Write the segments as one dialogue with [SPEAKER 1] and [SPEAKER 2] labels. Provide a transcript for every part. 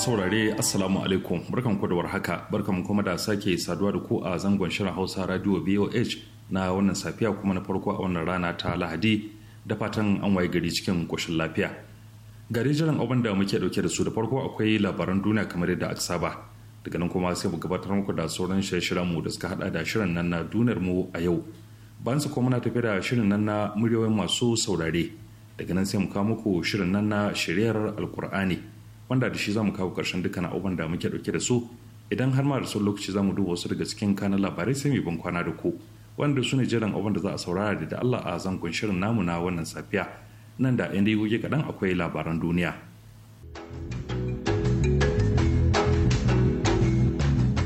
[SPEAKER 1] saurare assalamu alaikum barkan ku da warhaka barkan kuma da sake saduwa da ku a zangon shirin hausa radio B.O.H na wannan safiya kuma na farko a wannan rana ta lahadi da fatan an waye gari cikin koshin lafiya gari jiran abin da muke dauke da su da farko akwai labaran duniya kamar yadda aka saba daga nan kuma sai mu gabatar muku da sauran shirye-shiryen mu da suka hada da shirin nan na duniyar mu a yau bayan su kuma na tafi da shirin nan na muryoyin masu saurare daga nan sai mu kawo muku shirin nan na shiryar alkur'ani wanda da shi zamu kawo karshen dukkan abubuwan da muke dauke da su idan har ma da son lokaci zamu duba wasu daga cikin kanan labarai sai mu bin kwana da ku wanda su ne jiran abubuwan da za a saurara da Allah a zangon shirin namu na wannan safiya nan da yan dagoge kaɗan akwai labaran duniya.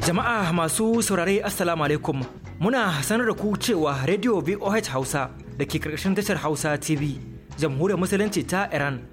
[SPEAKER 2] Jama'a masu saurare Assalamu alaikum muna sanar da ku cewa Radio VOH Hausa da ke karkashin tashar Hausa TV jamhuriyar musulunci ta Iran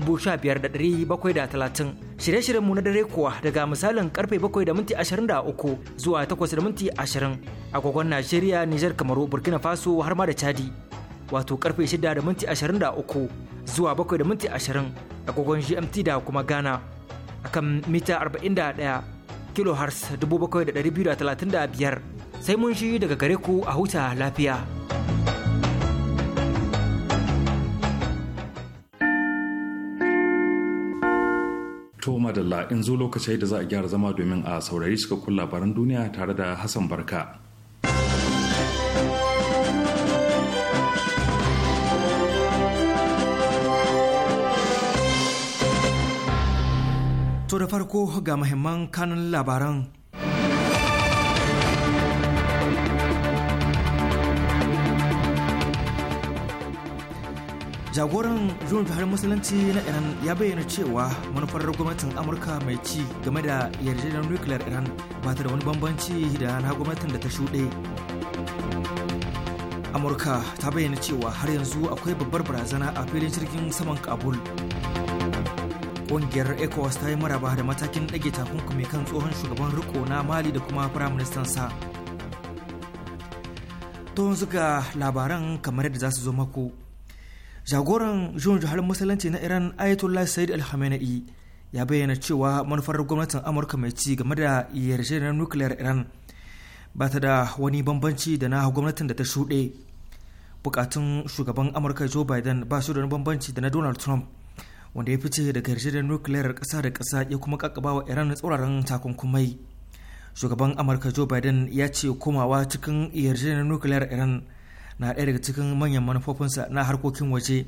[SPEAKER 2] 15730. Shirye-shiryenmu na dare kuwa daga misalin karfe 7:23 zuwa 820 a minti agogon Najeriya, Nijar, Kamaru, Burkina Faso har ma da Chadi. Wato karfe 6:23 zuwa 720 a minti agogon GMT da kuma Ghana. Akan mita 41 kilohertz 7235 sai mun shi daga gare ku a huta lafiya.
[SPEAKER 1] To madalla in zo lokacin da za a gyara zama domin a saurari cikakkun labaran duniya tare da Hassan Barka.
[SPEAKER 2] To da farko ga mahimman kanun labaran jagoran jun jihar musulunci na iran ya bayyana cewa manufar gwamnatin amurka mai ci game da yarjejeniyar nukiliyar iran ba ta da wani bambanci da na gwamnatin da ta shuɗe amurka ta bayyana cewa har yanzu akwai babbar barazana a filin jirgin saman kabul ƙungiyar ecowas ta yi maraba da matakin ɗage takunkumi kan tsohon shugaban riko na mali da kuma firaministan sa to yanzu ga labaran kamar yadda za su zo mako jagoran jun jihar musulunci na iran ayatollah said al khamenei ya bayyana cewa manufar gwamnatin amurka mai ci game da yarjejeniyar nukiliyar iran ba ta da wani bambanci da na gwamnatin da ta shuɗe bukatun shugaban amurka joe biden ba su da wani bambanci da na donald trump wanda ya fice daga yarjejeniyar nukiliyar kasa da kasa ya kuma kakaba wa iran tsauraran takunkumai shugaban amurka joe biden ya ce komawa cikin yarjejeniyar nukiliyar iran na ɗaya daga cikin manyan manufofinsa na harkokin waje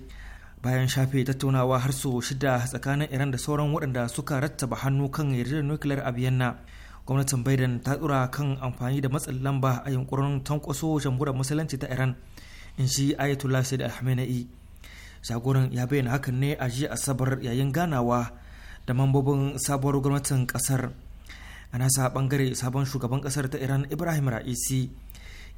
[SPEAKER 2] bayan shafe tattaunawa har sau shida tsakanin iran da sauran waɗanda suka rattaba hannu kan yarjejeniyar nukiliyar a vienna gwamnatin biden ta tsura kan amfani da matsin lamba a yunkurin tankwaso jamhuriyar musulunci ta iran in shi ayatollah said alhamenai jagoran ya bayyana hakan ne a jiya asabar yayin ganawa da mambobin sabuwar gwamnatin kasar a nasa bangare sabon shugaban kasar ta iran ibrahim ra'isi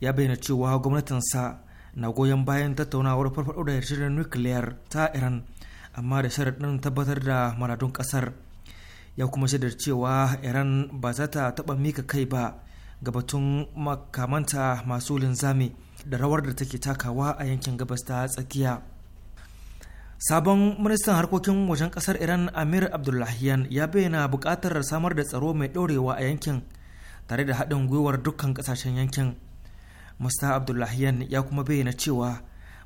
[SPEAKER 2] ya bayyana cewa gwamnatinsa na goyon bayan tattaunawar farfaɗo da yarjejeniyar nukiliyar ta iran amma da sharaɗin tabbatar da maradun ƙasar ya kuma shaidar cewa iran ba za ta taɓa mika kai ba ga batun makamanta masu linzami da rawar da take takawa a yankin gabas ta tsakiya sabon ministan harkokin wajen kasar iran amir abdullahiyan ya bayyana buƙatar samar da tsaro mai ɗorewa a yankin tare da haɗin gwiwar dukkan ƙasashen yankin musta abdullahiyan ya kuma bayyana cewa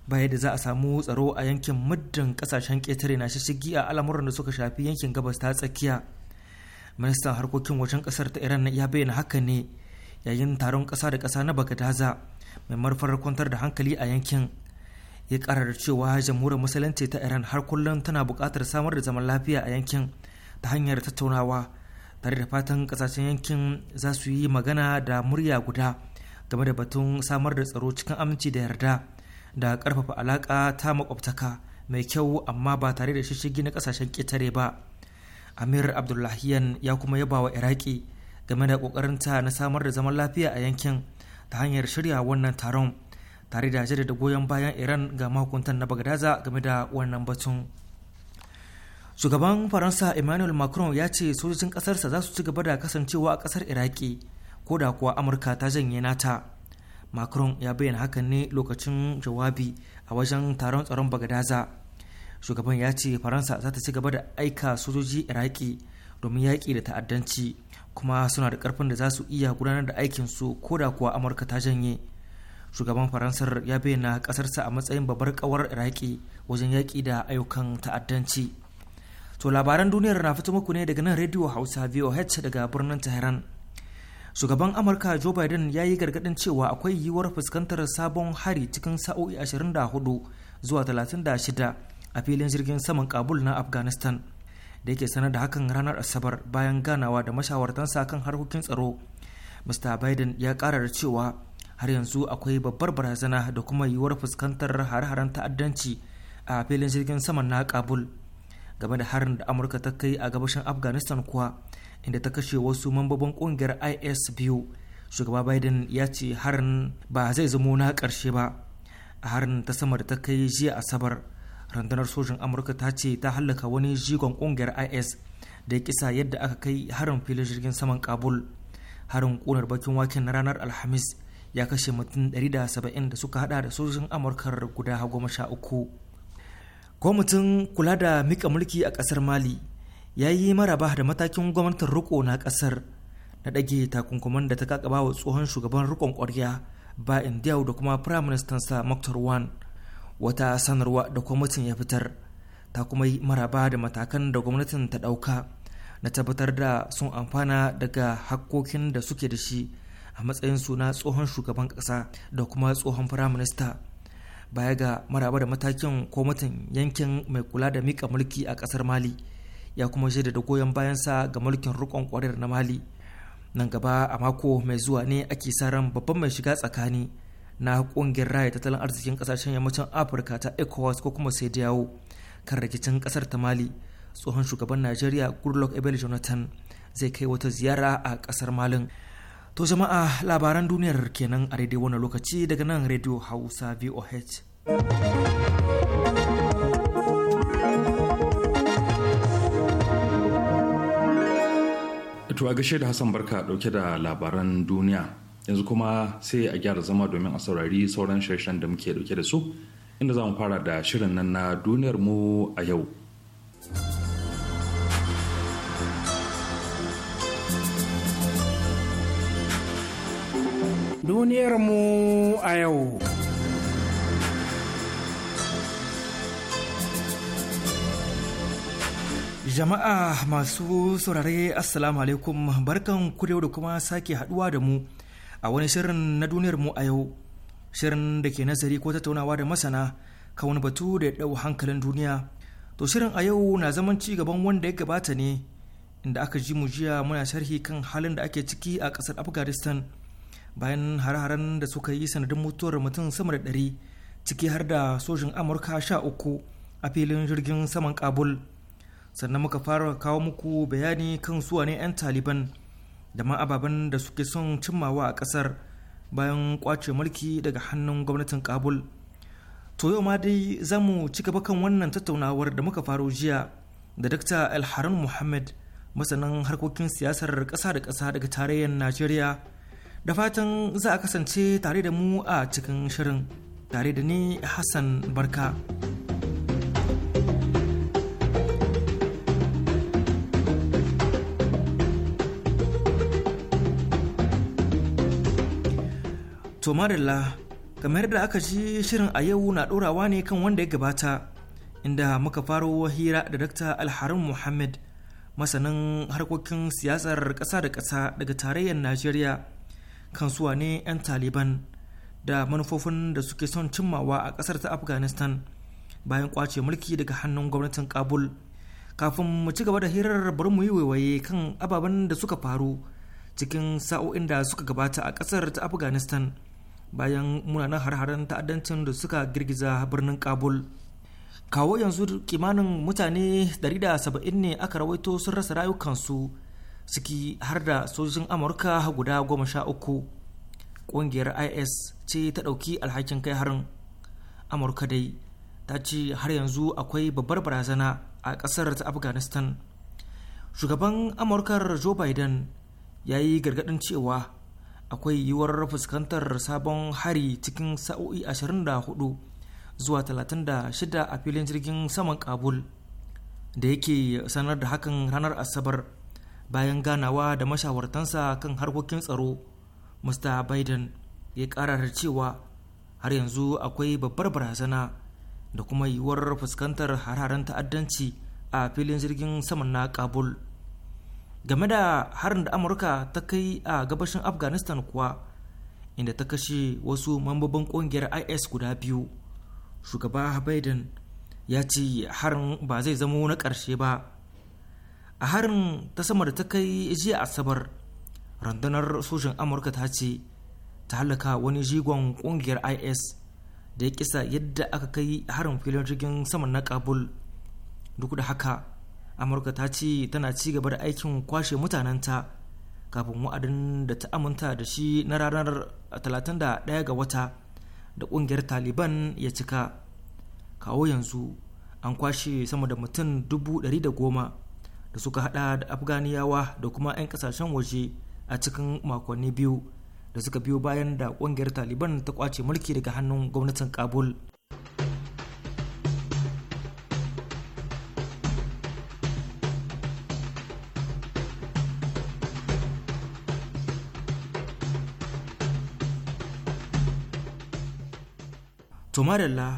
[SPEAKER 2] baya da za a samu tsaro a yankin muddin kasashen ƙetare na shishigi a al'amuran da suka shafi yankin gabas ta tsakiya ministan harkokin wajen ƙasar ta iran ya bayyana haka ne yayin taron ƙasa da ƙasa na bagadaza mai marfar kwantar da hankali a yankin ya ƙara da cewa jamhuriyar musulunci ta iran har kullum tana buƙatar samar da zaman lafiya a yankin ta hanyar tattaunawa tare da fatan kasashen yankin za su yi magana da murya guda game da batun samar da tsaro cikin aminci da yarda da ƙarfafa alaƙa ta makwabtaka mai kyau amma ba tare da shishigi na ƙasashen ƙetare ba amir abdullahiyan ya kuma yaba wa iraki game da ƙoƙarinta na samar da zaman lafiya a yankin ta hanyar shirya wannan taron tare da jaddada goyon bayan iran ga mahukuntan na bagdaza game da wannan batun shugaban faransa emmanuel macron ya ce sojojin ƙasarsa za su ci gaba da kasancewa a ƙasar iraki ko da kuwa amurka ta janye nata macron ya bayyana hakan ne lokacin jawabi a wajen taron tsaron bagadaza shugaban ya ce faransa za ta ci gaba da aika sojoji iraki domin yaƙi da ta'addanci kuma suna da ƙarfin da za su iya gudanar da aikinsu ko da kuwa amurka ta janye shugaban faransar ya bayyana ƙasarsa a matsayin babbar ƙawar iraki wajen yaƙi da ayyukan ta'addanci to labaran duniyar na fito muku ne daga nan rediyo hausa voh daga birnin tehran shugaban amurka joe biden ya yi gargadin cewa akwai yiwuwar fuskantar sabon hari cikin sa'o'i 24 zuwa 36 a filin jirgin saman kabul na afghanistan da yake sanar da hakan ranar asabar bayan ganawa da mashawartansa kan harkokin tsaro mr biden ya kara da cewa har yanzu akwai babbar barazana da kuma yiwuwar fuskantar har haren ta'addanci a filin jirgin saman na kabul game da harin da amurka ta kai a gabashin afghanistan kuwa inda ta kashe wasu mambobin kungiyar is biyu shugaba biden ya ce harin ba zai zamo na ƙarshe ba a harin ta sama da ta kai jiya asabar rundunar sojin amurka ta ce ta hallaka wani jigon kungiyar is da ya kisa yadda aka kai harin filin jirgin saman kabul harin kunar bakin waken na ranar alhamis ya kashe mutum 170 da suka hada da sojin amurka guda goma sha uku kwamitin kula da mika mulki a kasar mali ya yi maraba da matakin gwamnatin riko na kasar na ɗage takunkuman da ta kakaba wa tsohon shugaban rikon ƙwarya ba indiyau da kuma firaministansa moktar wan wata sanarwa da kwamitin ya fitar ta kuma yi maraba da matakan da gwamnatin ta ɗauka na tabbatar da sun amfana daga hakkokin da suke da shi a matsayin suna tsohon shugaban ƙasa da kuma tsohon firaminista baya ga maraba da matakin kwamitin yankin mai kula da mika mulki a ƙasar mali ya kuma shaida da goyon bayansa ga mulkin rikon kwarar na mali nan gaba a mako mai zuwa ne ake sa ran babban mai shiga tsakani na kungiyar raya tattalin arzikin kasashen yammacin afirka ta ecowas ko kuma sai yawo kan rikicin kasar ta mali tsohon shugaban najeriya goodluck ebele jonathan zai kai wata ziyara a kasar malin to jama'a labaran duniyar kenan a daidai wani lokaci daga nan rediyo hausa voh
[SPEAKER 1] To a gashe da Hassan Barka dauke da labaran duniya. Yanzu kuma sai a gyara zama domin a saurari sauran shirshen da muke dauke da su inda za mu fara da shirin nan na duniyar mu a yau.
[SPEAKER 3] Duniyar mu a yau.
[SPEAKER 2] Jama'a masu saurare Assalamu alaikum barkan ku da kuma sake haduwa da mu a wani shirin na duniyar mu a yau shirin da ke nazari ko tattaunawa da masana kan wani batu da ya dau hankalin duniya to shirin a yau na zaman ci gaban wanda ya gabata ne inda aka ji mu jiya muna sharhi kan halin da ake ciki a kasar Afghanistan bayan hare-haren da suka yi sanadin mutuwar mutum sama da ɗari ciki har da sojin Amurka sha uku a filin jirgin saman Kabul. sannan muka fara kawo muku bayani kan suwa ne 'yan taliban da ma ababen da suke son cimmawa a kasar bayan kwace mulki daga hannun gwamnatin kabul to yau ma dai za mu ci gaba kan wannan tattaunawar da muka faro jiya da dr alharun muhammad masanin harkokin siyasar ƙasa da ƙasa daga tarayyar najeriya da fatan za a kasance tare da mu a cikin shirin tare da ni hassan barka. To marilla kamar da aka ji shirin a yau na ɗorawa ne kan wanda ya gabata inda muka faro hira da Dr. Alharin Muhammad masanin harkokin siyasar ƙasa da ƙasa daga tarayyar Najeriya kan suwa ne 'yan Taliban da manufofin da suke son cimmawa a ƙasar ta Afghanistan bayan ƙwace mulki daga hannun gwamnatin Kabul. Kafin mu ci gaba da hirar bari mu yi waiwaye kan ababen da suka faru cikin sa'o'in da suka gabata a ƙasar ta Afghanistan. bayan munanan har-haren ta'addancin da suka girgiza birnin kabul kawo yanzu kimanin mutane 170 ne aka rawaito sun rasa rayukansu suki har da sojojin amurka guda goma sha uku ƙungiyar is ce ta ɗauki alhakin kai harin amurka dai ta ce har yanzu akwai babbar barazana a ƙasar ta afghanistan shugaban amurkar joe biden ya yi gargaɗin cewa akwai yiwuwar fuskantar sabon hari cikin sa'o'i 24 zuwa 36 a filin jirgin saman kabul da yake sanar da hakan ranar asabar bayan ganawa da mashawartansa kan harkokin tsaro mr biden ya kara da cewa har yanzu akwai babbar barazana da kuma yiwuwar fuskantar hararen ta'addanci a filin jirgin saman na kabul game da harin da amurka ta kai a gabashin afghanistan kuwa inda ta kashe wasu mambobin kungiyar is guda biyu shugaba biden ya ce harin ba zai zama na ƙarshe ba a harin ta sama da ta kai jiya asabar rundunar sojin amurka ta ce ta halaka wani jigon kungiyar is da ya kisa yadda aka kai harin filin jirgin saman na kabul duk da haka amurka ta ce tana ci gaba da aikin kwashe mutanenta kafin wa'adin da ta aminta da shi na ranar 31 ga wata da kungiyar taliban ya cika kawo yanzu an kwashe sama da mutum 110 da suka hada da afganiyawa da kuma 'yan kasashen waje a cikin makonni biyu da suka biyo bayan da kungiyar taliban ta kwace mulki daga hannun gwamnatin kabul to madalla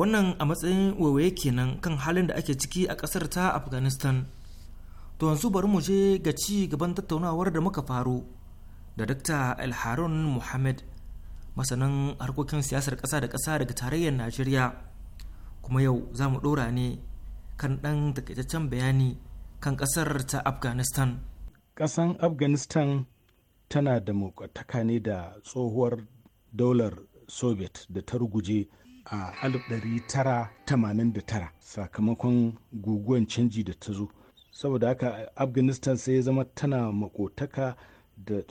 [SPEAKER 2] wannan a matsayin waiwaye kenan kan halin da ake ciki a ƙasar ta afghanistan to yanzu bari mu je ga ci gaban tattaunawar da muka faro da dr alharun muhammad masanan harkokin siyasar ƙasa da ƙasa daga tarayyar najeriya kuma yau za mu ɗora ne kan ɗan takaitaccen bayani kan ƙasar ta afghanistan
[SPEAKER 3] ƙasan afghanistan tana da ne da tsohuwar daular soviet da ta ruguje a 1989 sakamakon guguwan canji da ta zo saboda haka afghanistan sai ya zama tana makotaka da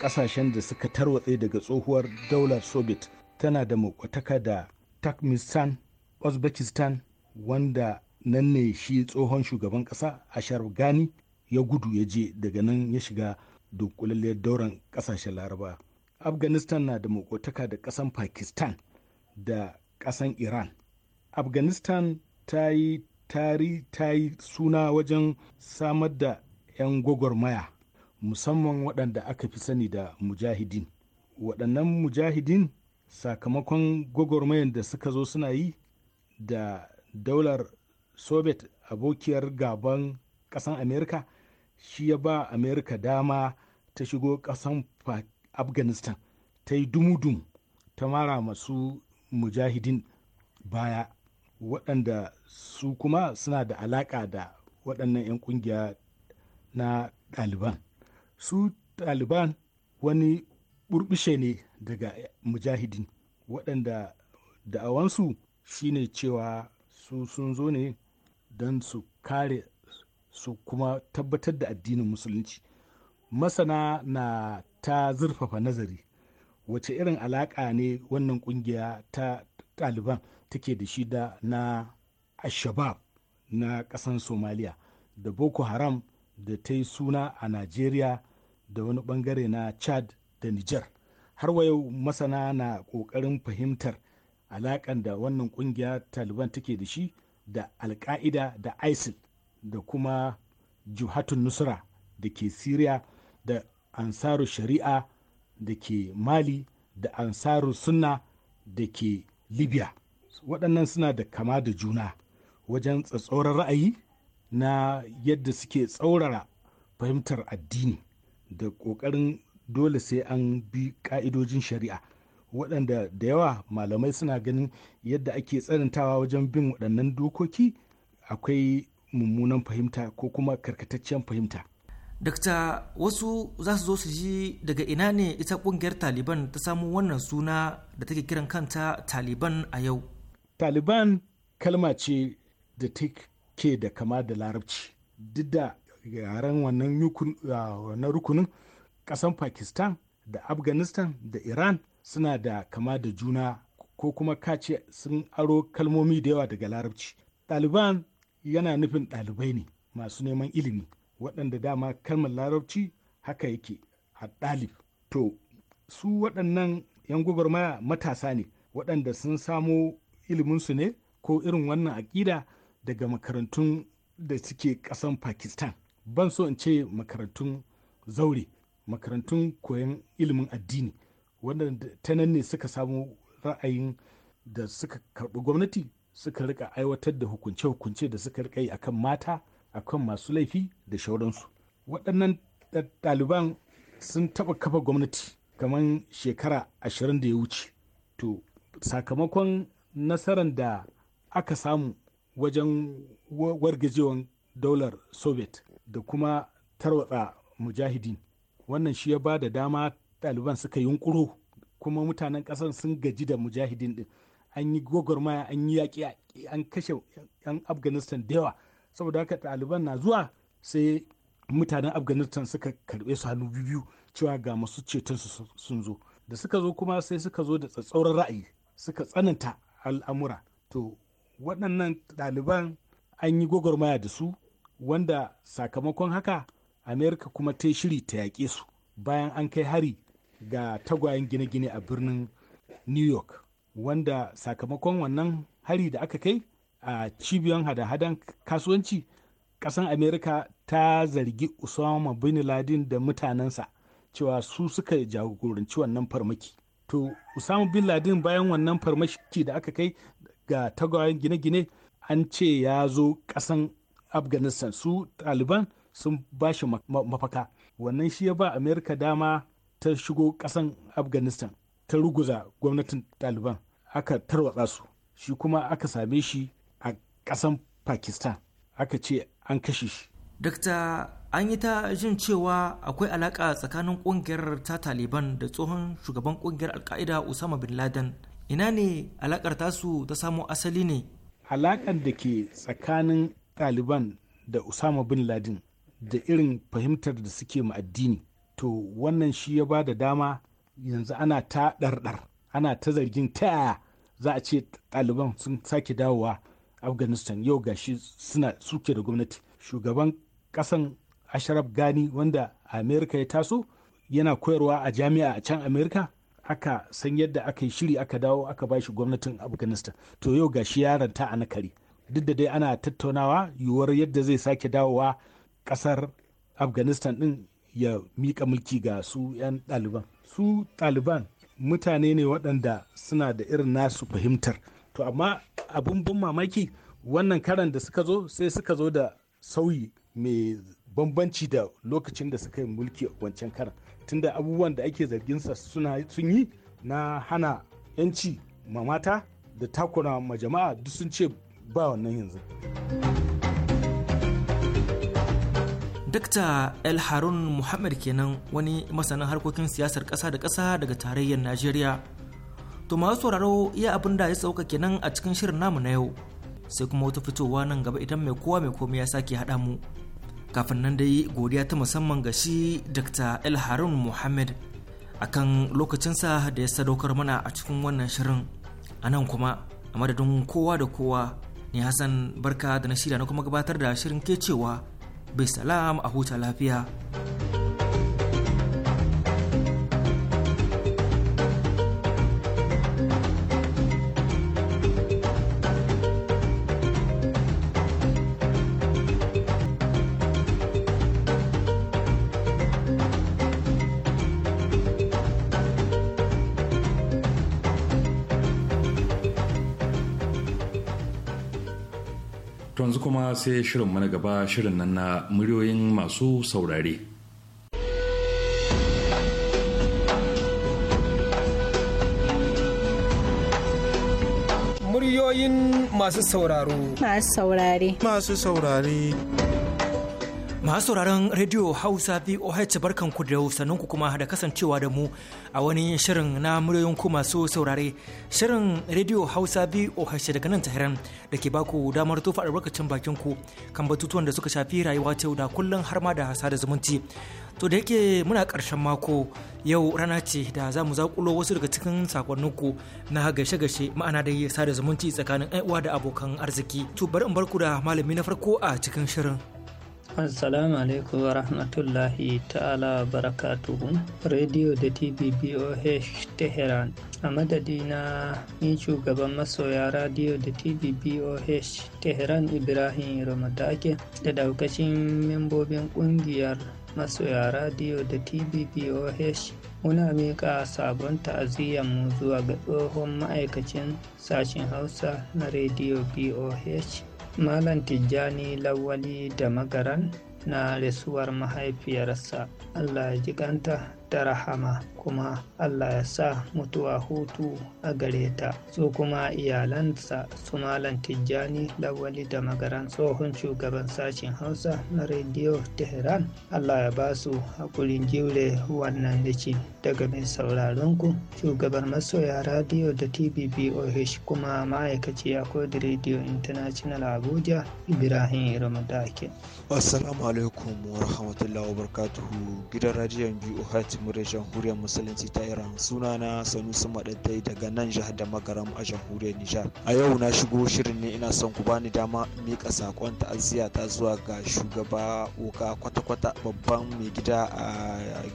[SPEAKER 3] kasashen da suka tarwatse daga tsohuwar daular soviet tana da makotaka da turkmenistan uzbekistan wanda nan ne shi tsohon shugaban kasa ashar gani ya gudu ya je daga nan ya shiga dunkulalliyar dauran kasashen laraba afghanistan na da makotaka da kasan pakistan da ƙasan iran afghanistan ta yi tari ta yi suna wajen samar da 'yan gwagwarmaya musamman waɗanda aka fi sani da mujahidin waɗannan mujahidin sakamakon gwagwarmayan da suka zo suna yi da daular soviet abokiyar gaban ƙasan amerika shi ya ba amerika dama ta shigo ƙasan afghanistan ta yi dumudum ta mara masu mujahidin baya waɗanda su kuma suna da alaƙa da waɗannan 'yan ƙungiya na ɗaliban su ɗaliban wani burbushe ne daga mujahidin waɗanda da'awansu shine cewa su sun zo ne don su kare su kuma tabbatar da addinin musulunci masana na ta zurfafa nazari wace irin alaƙa ne wannan ƙungiya ta ɗaliban take da shi da na ashabab na ƙasan somaliya da boko haram da ta yi suna a nigeria da wani bangare na chad da niger har yau masana na ƙoƙarin fahimtar alaƙan da wannan ƙungiya taliban take da shi da alka'ida da isil da kuma juhatun nusra da ke syria da ansaru shari'a da ke mali da ansaru sunna da ke libya waɗannan suna da kama da juna wajen tsatsauran ra'ayi na yadda suke tsaurara fahimtar addini da ƙoƙarin dole sai an bi ƙa'idojin shari'a waɗanda da yawa malamai suna ganin yadda ake tsanantawa wajen bin waɗannan dokoki akwai mummunan fahimta ko kuma karkataccen fahimta
[SPEAKER 2] dakta wasu za su zo su ji daga ina ne ita kungiyar taliban ta samu wannan suna da take kiran kanta taliban
[SPEAKER 3] a yau taliban kalma ce da take da kama da larabci duk da yaren wannan rukunin kasan pakistan da afghanistan da iran suna da kama da juna ko kuma kace sun aro kalmomi da yawa daga larabci taliban yana nufin ɗalibai ne masu neman ilimi waɗanda dama kalmar larabci haka yake haɗalib to su waɗannan 'yan gwagwarmaya matasa ne waɗanda sun samo iliminsu ne ko irin wannan aƙida daga makarantun da suke ƙasan pakistan ban so in ce makarantun zaure makarantun koyon ilimin addini waɗanda ta nan ne suka samo ra'ayin da suka karɓi gwamnati suka rika aiwatar da hukunce-hukunce da suka rika yi akan mata a kan masu laifi da shauransu waɗannan ɗaliban sun taɓa kafa gwamnati kamar shekara ashirin da ya wuce to sakamakon nasarar da aka samu wajen wargajewan daular soviet da kuma tarwatsa mujahidin wannan shi ya ba da dama ɗaliban suka yunkuro kuma mutanen ƙasar sun gaji da mujahidin ɗin an yi gwagwarmaya an yi yaƙi an kashe 'yan afghanistan da yawa saboda haka ɗaliban na zuwa sai mutanen afghanistan suka karɓe su hannu biyu cewa ga masu ceton su sun zo da suka zo kuma sai suka zo da tsatsauran ra'ayi suka tsananta al'amura to waɗannan ɗaliban an yi gwagwarmaya da su wanda sakamakon haka amerika kuma ta shiri ta yaƙe su bayan an kai hari ga tagwayen gine-gine a birnin new york wanda sakamakon wannan hari da aka kai a cibiyar hada-hadan kasuwanci kasan amerika ta zargi usama bin laden da mutanensa cewa su suka jagoranci wannan farmaki to usama bin laden bayan wannan farmaki da aka kai ga tagwayen gine-gine an ce ya zo kasan afghanistan su taliban sun ba shi mafaka wannan shi ya ba amerika dama ta shigo kasan afghanistan ta ruguza gwamnatin taliban aka tarwatsa su shi kuma aka same shi ƙasan pakistan aka ce
[SPEAKER 2] an kashe shi dokta an yi ta jin cewa akwai alaƙa tsakanin ƙungiyar ta taliban da tsohon shugaban ƙungiyar alka'ida usama bin laden ina ne alaƙar
[SPEAKER 3] tasu ta samo asali ne alaƙar da ke tsakanin taliban da usama bin laden da irin fahimtar da suke ma addini to wannan shi ya ba da dama yanzu ana ta ɗarɗar ana ta zargin ta yaya za a ce ɗaliban sun sake dawowa afghanistan yau ga shi suna suke da gwamnati shugaban kasan ashraf gani wanda amerika ya taso yana koyarwa a jami'a a can amerika aka san yadda aka yi shiri aka dawo aka ba shi gwamnatin afghanistan to yau gashi yaron ta ana kare duk da dai ana tattaunawa yiwuwar yadda zai sake dawowa kasar afghanistan din ya mika mulki ga su 'yan ɗaliban su ɗaliban mutane ne waɗanda suna da irin nasu fahimtar to amma abin ban mamaki wannan karan da suka zo sai suka zo da sauyi mai bambanci da lokacin da suka yi mulki wancan karan tunda abubuwan da ake zarginsa suna sun yi na hana 'yanci ma da takura ma jama'a duk sun ce ba wannan yanzu.
[SPEAKER 2] Dakta El Harun Muhammad kenan wani masanin harkokin siyasar kasa da kasa daga tarayyar Najeriya. To masu sauraro iya abin da ya sauka kenan a cikin shirin namu na yau sai kuma wata fitowa nan gaba idan mai kowa mai komai ya sake haɗa mu. Kafin nan dai godiya ta musamman ga shi Dr. El Harun Muhammad akan lokacinsa da ya sadaukar mana a cikin wannan shirin. A nan kuma a madadin kowa da kowa ni Hassan barka da na shirya na kuma gabatar da shirin ke cewa bai salam a huta lafiya.
[SPEAKER 1] yanzu kuma sai shirin mana gaba shirin nan na muryoyin masu saurare.
[SPEAKER 4] Muryoyin masu sauraro.
[SPEAKER 5] Masu saurare. Masu saurare.
[SPEAKER 2] Masu sauraron rediyo Hausa VOH ku da ku kuma da kasancewa da mu a wani shirin na muryoyin ku masu saurare. Shirin rediyo Hausa VOH daga nan Tahiran da ke baku damar tofa albarkacin bakin ku kan batutuwan da suka shafi rayuwa ta yau da kullum har ma da sada zumunci. To da yake muna karshen mako yau rana ce da za mu zakulo wasu daga cikin sakonninku na gashe-gashe ma'ana da sada zumunci tsakanin uwa da abokan arziki. To bari in barku da malami na farko a cikin shirin.
[SPEAKER 6] Assalamu alaikum wa rahmatullahi ta'ala barakatuhu. Radio da TV BOH Teheran. A madadina ni shugaban masoya radio da TV BOH Teheran Ibrahim Ramadake da daukacin membobin kungiyar masoya radio da TV BOH muna miƙa sabon mu zuwa ga tsohon ma'aikacin sashen hausa na rediyo boh malam tijjani lawali da magaran na rasuwar mahaifiyarsa allah ya jiganta da rahama kuma Allah ya sa mutuwa hutu a gare ta su kuma iyalansa su Malam tijjani lawali da magaran tsohon shugaban sashen hausa na rediyo tehran Allah ya basu su hakurin jure wannan rici daga mai sauraronku shugaban masoya radiyo da tvboh kuma ma'aikaci a kodi radio international abuja ibrahim ramadake
[SPEAKER 4] assalamu alaikum wa rahmatullahi wa barakatuhu gidan radiyon biyu hatimu da musulunci ta iran sunana sanusi maɗantai daga nan jihar da magaram a jamhuriyar nijar a yau na shigo shirin ne ina son ku bani dama mika sakon ta'aziyya ta zuwa ga shugaba oka kwata-kwata babban mai gida a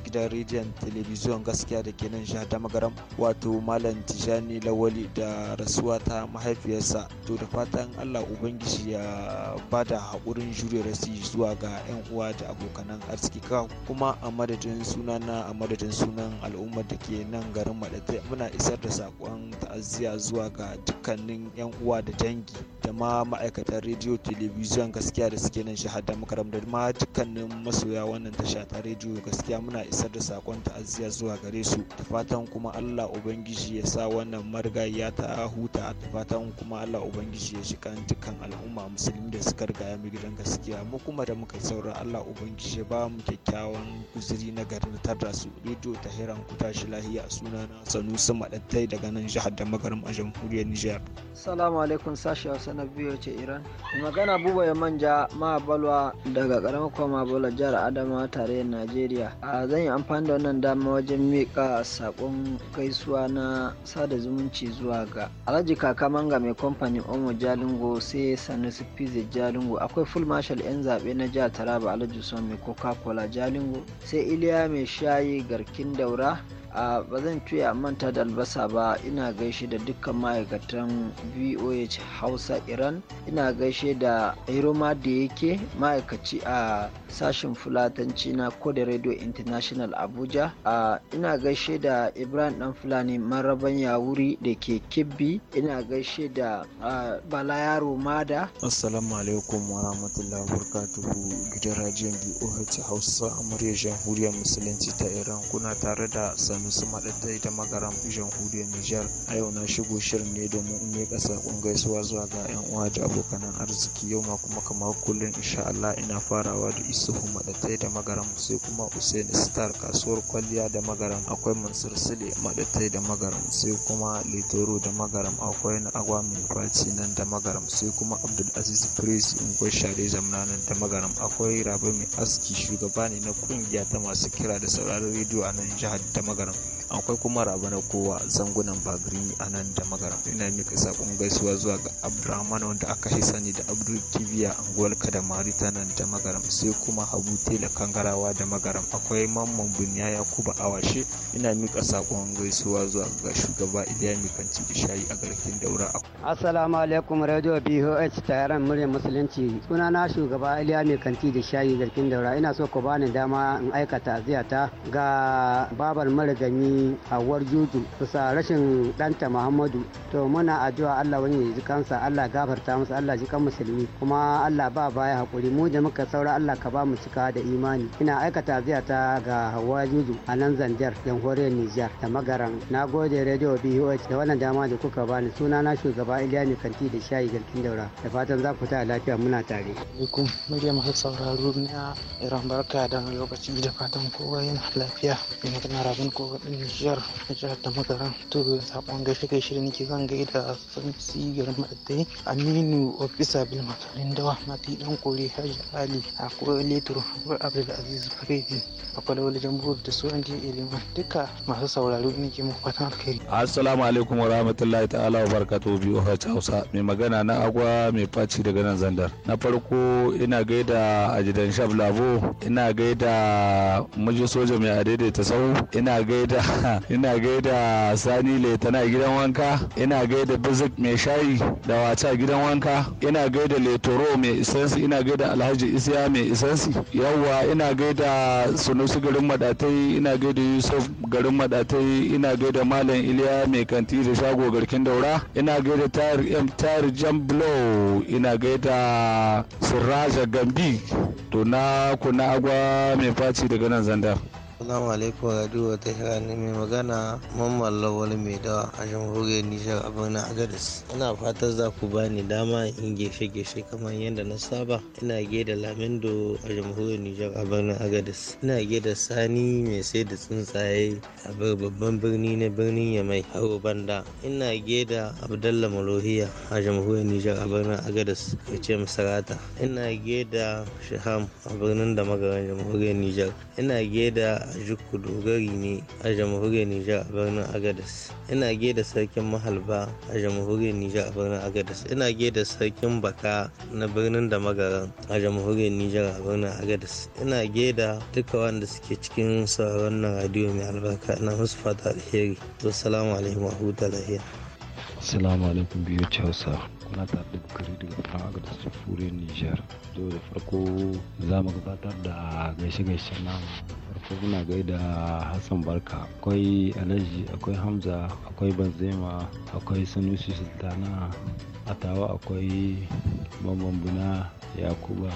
[SPEAKER 4] gidan rediyon telebijin gaskiya da ke nan jihar da magaram wato malam tijani lawali da rasuwa ta mahaifiyarsa to da fatan allah ubangiji ya bada haƙurin jure rasi zuwa ga 'yan uwa da abokanan arziki kuma a madadin sunana a madadin sunan al'ummar da ke nan garin maɗatai muna isar da saƙon ta'aziyya zuwa ga dukkanin 'yan uwa da dangi da ma ma'aikatan rediyo telebijin gaskiya da suke nan shahada makaram da ma dukkanin masoya wannan tasha ta rediyo gaskiya muna isar da saƙon ta'aziyya zuwa gare su da fatan kuma allah ubangiji ya sa wannan marigayiya ta huta da fatan kuma allah ubangiji ya shiga dukkan al'umma musulmi da suka riga ya mu gidan gaskiya mu kuma da muka saura allah ubangiji ya ba mu kyakkyawan guzuri na garin tarda su rediyo ta hira an ku tashi lahiya sunana sanusi madattai daga nan jihar da magarin a jamhuriyar nijar
[SPEAKER 6] salamu alaikum sashi hausa na biyu ce iran magana buba ya manja ma balwa daga karamar kwama bala jihar adama tarayyar najeriya a zan yi amfani da wannan dama wajen miƙa saƙon gaisuwa na sada zumunci zuwa ga alhaji kaka manga mai kamfanin omo jalingo sai sanusi pizza jalingo akwai full marshal yan zaɓe na jihar taraba alhaji son mai coca jalingo sai iliya mai shayi garkin daura melhorar a ba zan tuya manta da albasa ba ina gaishe da dukkan ma'aikatan voh hausa iran ina gaishe da iroma da yake ma'aikaci a sashen fulatanci na kodin radio international abuja a ina gaishe da ibrahim dan fulani maraban wuri da ke kibbi ina gaishe da bala yaro da.
[SPEAKER 4] assalamu alaikum wa rahmatullahi wa gidan rajin voh hausa amurya jamhuriyar musulunci ta iran kuna tare da san Sanusi Maɗattai ta Magaram Jamhuriyar Nijar. A yau na shigo shirin ne domin in miƙa saƙon gaisuwa zuwa ga 'yan uwa da abokan arziki yau ma kuma kamar kullum insha Allah ina farawa da Isuhu Maɗattai da Magaram sai kuma Usain Star kasuwar kwalliya da Magaram akwai Mansur Sule Maɗattai da Magaram sai kuma Litoro da Magaram akwai na Agwa Mai Faci nan da Magaram sai kuma Abdul Aziz in Ungwai Share Zamna nan da Magaram akwai Rabe Mai Aski shugaba ne na kungiya ta masu kira da sauraron rediyo a nan jihar da Magaram akwai kuma na kowa zangunan bagri a nan da magaram ina mika saƙon gaisuwa zuwa ga abdulrahman wanda aka shi sani da abdul kibiya ka kadamari ta nan da magaram sai kuma habu tela kangarawa da magaram akwai mamman bunya yakuba awashe ina mika sakon gaisuwa zuwa ga shugaba iliya mikanci da shayi a garkin daura
[SPEAKER 6] assalamu alaikum radio bh tayaran murya musulunci sunana shugaba iliya mikanci da shayi garkin daura ina so ku bani dama in aikata ziyata ga babar marigami Hauwar Juju bisa rashin danta Muhammadu. To muna addu'a Allah wani ya ji kansa Allah gafarta masa Allah ji kan musulmi kuma Allah ba baya hakuri mu da muka saura Allah ka ba mu cika da imani. Ina aikata ta ga hawa Juju a nan Zanjar jamhuriyar Nijar da Magaran. Na gode Radio BOH da wannan dama da kuka bani na shugaba Iliya ne kanti da shayi garkin daura da fatan za ku ta lafiya muna tare. Alaikum Maryam sauraro na Iran barka da lokacin da fatan kowa yana lafiya. rabin
[SPEAKER 4] kowa jihar jihar da makaran to sabon gaishe kai shirin ki zan gaida sanusi garma da aminu ofisa bil makarin dawa mati dan kore haji ali akwai letur abdul aziz faredi akwai lawal jamhur da su andi ilima duka masu sauraro ne ke muku fatan alheri
[SPEAKER 7] assalamu alaikum wa rahmatullahi ta'ala wa bi biyu hausa mai magana na agwa mai faci daga nan zandar na farko ina gaida a gidan shaf ina gaida mijin soja mai adaidaita sau ina gaida ina gaida sani letana gidan wanka ina gaida bizik mai shayi da wata gidan wanka ina gaida letoro mai isansi ina gaida alhaji isiya mai isansi yawwa ina gaida sunusu garin madatai ina gaida yusuf garin madatai ina gaida malam iliya mai kanti da shago garkin daura ina gaida tayar m jam blow ina gaida sirraja gambi to na kuna agwa mai faci daga nan zandar Assalamu alaikum radio ta ne mai magana mamman lawal mai dawa a jamhuriyar Nijar a birnin Agadis. Ina
[SPEAKER 6] fatan za ku bani dama in gefe gefe kamar yadda na saba. Ina da Lamindo a jamhuriyar Nijar a birnin Agadis. Ina da Sani mai sai da tsuntsaye a babban birni na birnin Yamai a Banda. Ina da Abdallah Malohiya a jamhuriyar Nijar a birnin Agadis ya ce sarata Ina da Shaham a birnin da magaran jamhuriyar Nijar. Ina da Ajikku Dogari ne a jamhuriyar Nijar a birnin Agadas. Ina gaida sarkin Mahalba a jamhuriyar Nijar a birnin Agadas. Ina gaida sarkin Baka na birnin da magaran a jamhuriyar Nijar a birnin Agadas. Ina gaida duka wanda suke cikin sauran na radiyo mai albarka ina musu fata alheri. Assalamu alaikum wa rahmatullahi.
[SPEAKER 7] Assalamu alaikum biyu Hausa. kuna ta da bukari daga fara da furen Nijar. Zo da farko za mu gabatar da gaishe-gaishen namu farko muna gaida Hassan Barka akwai Alhaji akwai Hamza akwai Banzema akwai Sanusi Sultana Atawa akwai Mambambuna Yakuba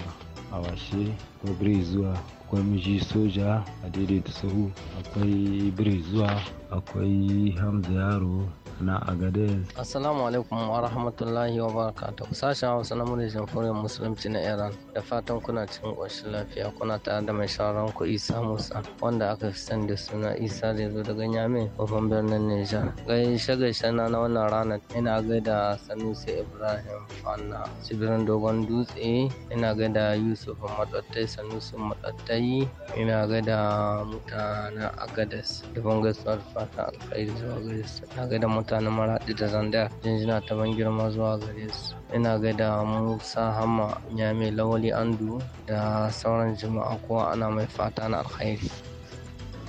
[SPEAKER 7] Awashe akwai Biri zuwa akwai miji soja a daidaita sahu akwai Biri zuwa akwai Hamza Yaro na Agadez.
[SPEAKER 8] Assalamu alaikum wa rahmatullahi wa barakatuh. Sashen Hausa na muryar Jamhuriyar Musulunci na Iran. Da fatan kuna cikin ƙoshin lafiya kuna tare da mai shawaran ku Isa Musa wanda aka fi sani da suna Isa da zo daga Nyame babban birnin Nijar. Gaishe gaishe na na wannan rana ina gaida
[SPEAKER 7] Sanusi Ibrahim Fanna
[SPEAKER 8] tsibirin Dogon Dutse ina gaida Yusuf Madattai Sanusi Madattai ina gaida mutanen Agadez. Da bangasar fata alkhairi zuwa gaida. Ina gaida mutanen maraɗi da zandar jinjina ta ban girma zuwa gare su ina gaida musa hamma nyame lawali andu da sauran jama'a kowa ana mai fata na alkhairi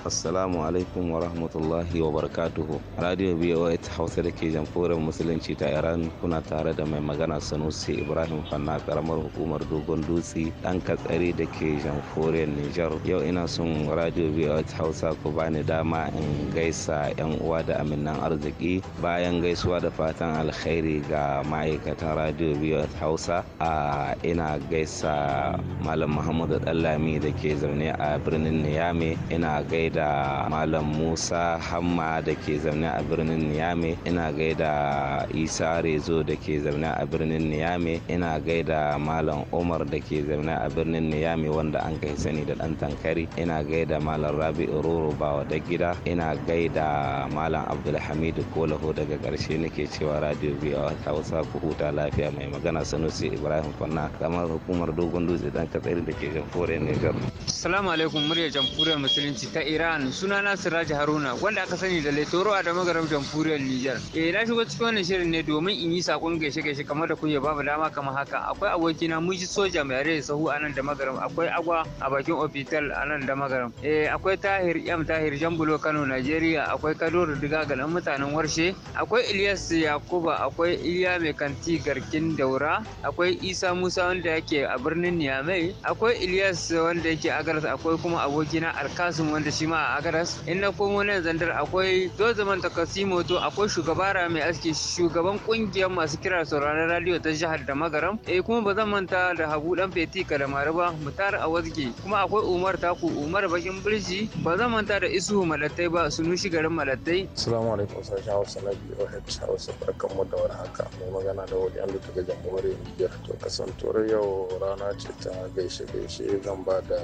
[SPEAKER 7] assalamu alaikum wa rahmatullahi wa barakatuhu radio boa ta hausa da ke jamhuriyar musulunci ta iran kuna tare da mai magana sanusi ibrahim fanna karamar hukumar dogon dutse dan katsari da ke jamhuriyar niger yau ina son radio boa ta hausa ku bani dama in gaisa yan uwa da aminan arziki bayan gaisuwa da fatan alkhairi ga ma'aikatan radio boa ta hausa a ina gaisa malam muhammadu dallami da ke zaune a birnin niyame ina gaisa gaida malam musa hamma da ke zaune a birnin niyame ina gaida isa rezo da ke zaune a birnin niyame ina gaida malam umar da ke zaune a birnin niyame wanda an kai sani da dan tankari ina gaida malam rabi ororo bawa da gida ina gaida malam abdulhamidu kolaho daga karshe nake cewa radio a hausa ku huta lafiya mai magana sanusi ibrahim fanna kamar hukumar dogon dutse dan katsari da ke jamhuriyar niger
[SPEAKER 8] assalamu alaikum murya musulunci ta iya Iran sunana Siraj Haruna wanda aka sani da Letoro a garin jamhuriyar Nijar. Eh na shigo cikin wannan shirin ne domin in yi sakon gaishe gaishe kamar da kuke babu dama kamar haka akwai abokina Muji Soja mai are sahu a nan damagaram akwai Agwa a bakin ofital a nan damagaram. Eh akwai Tahir Yam Tahir Jambulo Kano Najeriya akwai Kadur Diga ga mutanen Warshe akwai Ilyas Yakuba akwai Iliya mai kanti garkin Daura akwai Isa Musa wanda yake a birnin Niamey akwai Ilyas wanda yake Agaras akwai kuma abokina Alkasum wanda shi ma a Agaras in na komo nan zandar akwai Dozaman Takasimoto akwai shugabara mai aski shugaban kungiyar masu kira sauraron radio ta jihar da Magaram eh kuma ba zan manta da Habu dan Feti Kalamari maruba Mutar wazge kuma akwai Umar Taku Umar Bakin Birji ba zan manta da Isu Malattai ba shi garin Malattai Assalamu alaikum
[SPEAKER 4] sashen Hausa na BOH Hausa barkan mu da war haka mai magana da wani an daga jamhuriyar Niger to kasantuwar yau rana ce ta gaishe gaishe zan ba da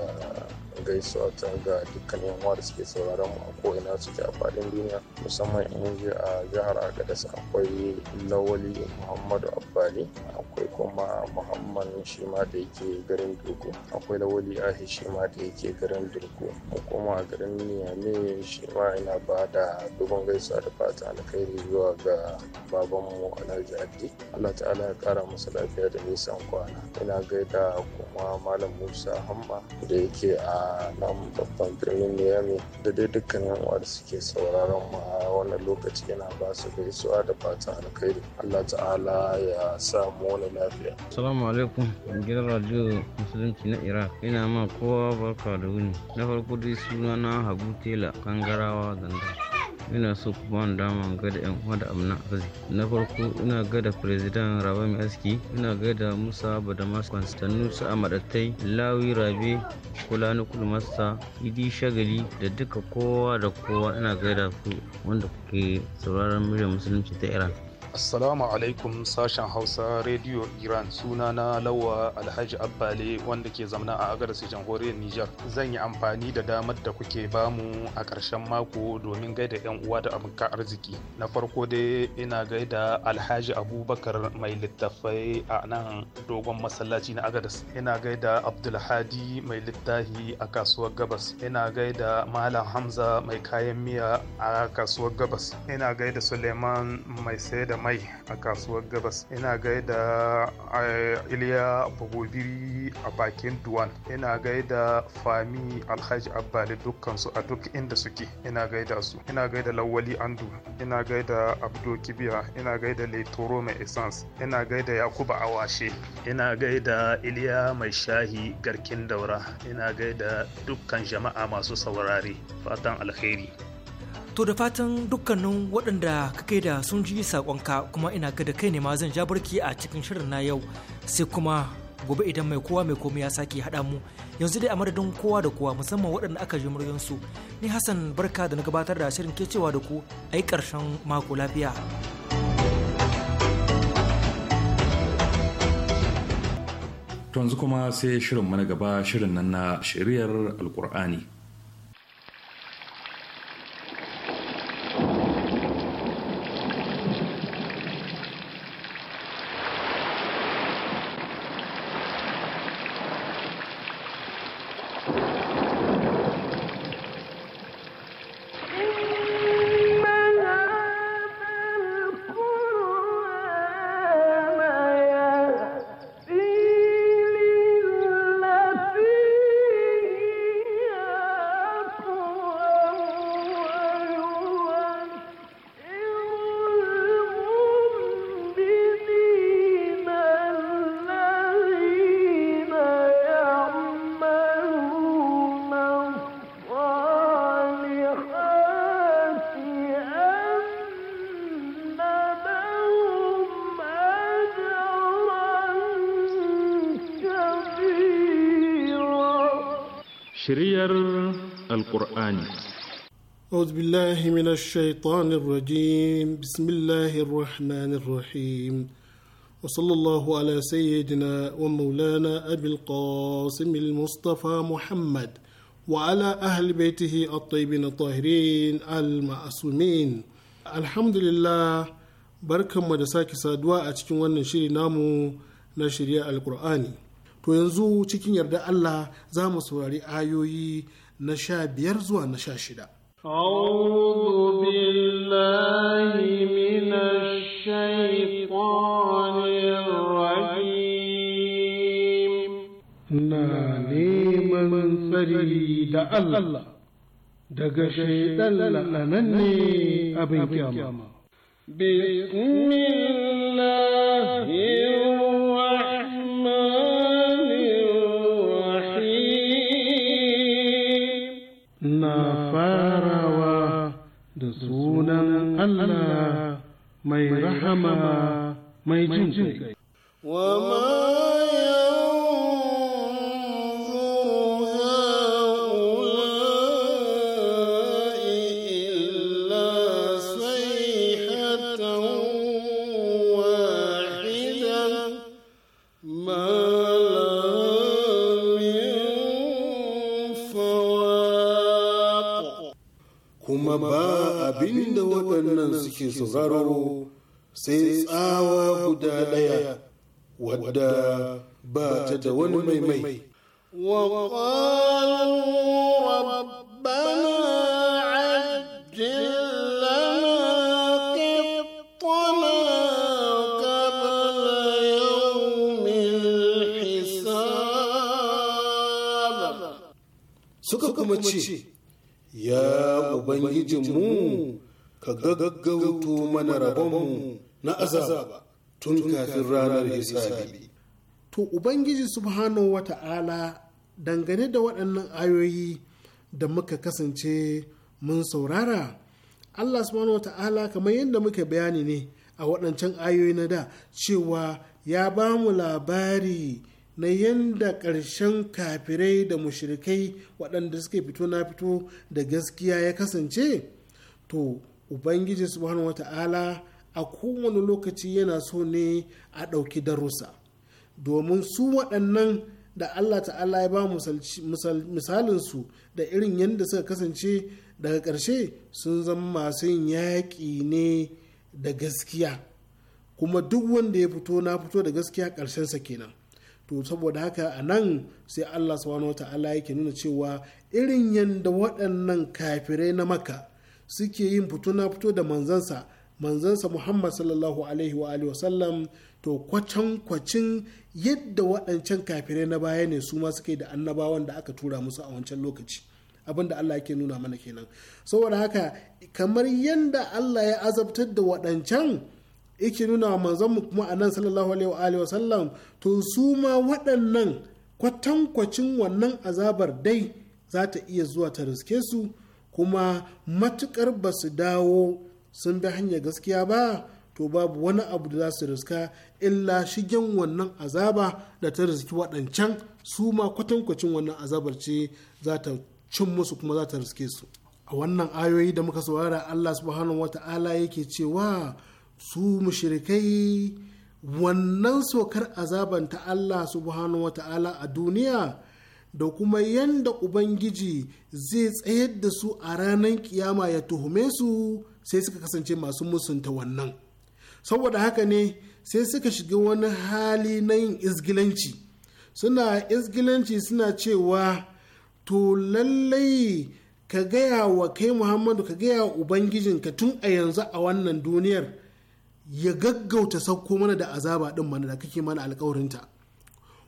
[SPEAKER 4] gaisuwa ta ga yan da suke sauraron mu a ko'ina suke a faɗin duniya musamman in ji a jihar agadez akwai lawali muhammadu abbali akwai kuma muhammad shi ma da yake garin durku akwai lawali ahi shi ma da yake garin durku kuma a garin niyame shi ma ina ba da dubin gaisuwa da fata ne zuwa ga babanmu alhaji addi allah ta'ala ya kara masa lafiya da nisan kwana ina gaida kuma malam musa hamma
[SPEAKER 8] da yake a nan babban birnin niyame ne da dai dukkanin da suke
[SPEAKER 4] sauraron mu a wannan lokaci yana ba su gaisuwa da fatan alkhairi Allah ta'ala
[SPEAKER 9] ya sa mu wani lafiya
[SPEAKER 7] assalamu alaikum gidan radio musulunci na iraq ina ma kowa barka da wuni na farko dai suna na habu tela kangarawa zanga ina so ku ni dama gada yan uwa da amna arziki na farko ina ga da rabe mai aski ina ga musa badamas konstantinu su amadattai lawi rabe kula kulmasta idi shagali da duka kowa da kowa ina ga ku wanda kuke sauraron muryar musulunci ta iran
[SPEAKER 4] Assalamu alaikum sashen Hausa Radio Iran suna na Lawa Alhaji Abbale wanda ke zamana a agarsu jamhuriyar Nijar. Zan yi amfani da damar da kuke bamu a ƙarshen mako domin gaida 'yan uwa da abokan arziki. Na farko dai ina gaida Alhaji Abubakar mai littafai a nan dogon masallaci na Agadas. Ina gaida Abdulhadi mai littahi a kasuwar Gabas. Ina gaida Malam Hamza mai kayan miya a kasuwar Gabas. Ina gaida Suleiman mai sayar da mai a kasuwar gabas ina gaida eh, iliya bugobiri a bakin duwan ina gaida fami alhaji abbali dukkansu a duk inda suke ina gaida su ina gaida lawali andu ina gaida abdo kibiya ina gaida letoro mai essence ina gaida yakuba awashe ina gaida iliya mai shahi garkin daura ina gaida dukkan jama'a masu saurari fatan alheri
[SPEAKER 2] To da fatan dukkanin waɗanda kake da sun ji saƙonka kuma ina ga da kai ne ma zan ja barki a cikin shirin na yau sai kuma gobe idan mai kowa mai komai ya sake haɗa mu yanzu dai a madadin kowa da kowa musamman waɗanda aka ji muryansu ni Hassan barka da na gabatar da shirin ke cewa da ku a yi ƙarshen mako lafiya.
[SPEAKER 1] To yanzu kuma sai shirin mana gaba shirin nan na shiriyar alkur'ani. Al-Qur'ani. billahi
[SPEAKER 10] minash shaitanir rajim. Bismillahir rahmanir sayyidina wa maulana Abil Qasim Muhammad wa ala ahli baitihi at-tayyibin at-tahirin barkanmu da sake saduwa a cikin wannan shiri namu na shirya Al-Qur'ani. To yanzu cikin yarda Allah za mu saurari ayoyi na sha biyar zuwa na sha shida. Na neman tsari da Allah daga shaidan lalanan ne abin kyama.
[SPEAKER 9] Bismillahirrahmanirrahim.
[SPEAKER 10] Allah mai rahama mai jin kai. kike sauraro sai tsawa guda daya wadda ba ta da wani maimai. وقالوا suka kuma ce, Ya Ubangijinmu, ka gaggauto mana rabonmu na azaba tun kafin ranar hisabi. To Ubangiji Subhanahu wa ta'ala dangane da waɗannan ayoyi da muka kasance mun saurara, Allah Subhanahu wa ta'ala kamar yadda muka bayani ne a waɗancan ayoyi na da cewa ya ba mu labari na yadda ƙarshen kafirai da mushirikai waɗanda suke fito na fito da gaskiya ya kasance. To ubangiji subhanahu wata'ala a kowane lokaci yana so ne a ɗauki darussa domin su waɗannan da allah ta'ala ya ba misalinsu da irin yadda suka kasance daga ƙarshe sun zama masu yin yaƙi ne da gaskiya kuma duk wanda ya fito na fito da gaskiya ƙarshensa kenan to saboda haka a nan sai allah subhanahu ta'ala yake nuna cewa irin yadda waɗannan kafirai na maka suke yin fito na fito da manzansa manzansa muhammad sallallahu alaihi wa alihi wasallam to kwacan kwacin yadda waɗancan kafirai na baya ne su ma suke da annabawan da aka tura musu a wancan lokaci abin da Allah yake nuna mana kenan saboda haka kamar yadda Allah ya azabtar da waɗancan yake nuna wa mu kuma a sallallahu alaihi wa sallam to su ma waɗannan kwatankwacin wannan azabar dai za ta iya zuwa ta riske su kuma matukar ba su dawo sun bi hanyar gaskiya ba to babu wani abu da za su riska illa shigen wannan azaba da ta riski waɗancan su ma kwatankwacin wannan azabar ce za ta cin musu kuma za ta riske su a wannan ayoyi da muka saurara Allah subhanahu wata'ala yake cewa su mushrikai wannan sokar azaban ta Allah subhanahu wata'ala a duniya da kuma yadda ubangiji zai tsayar da su a ranar kiyama ya tuhume su sai suka kasance masu musunta wannan saboda haka ne sai suka shiga wani hali na yin izgilanci suna izgilanci suna cewa to lallai ka gaya wa kai muhammadu ka gaya wa ubangijinka tun a yanzu a wannan duniyar ya gaggauta sauko mana da azaba din mana da kake mana alkawarinta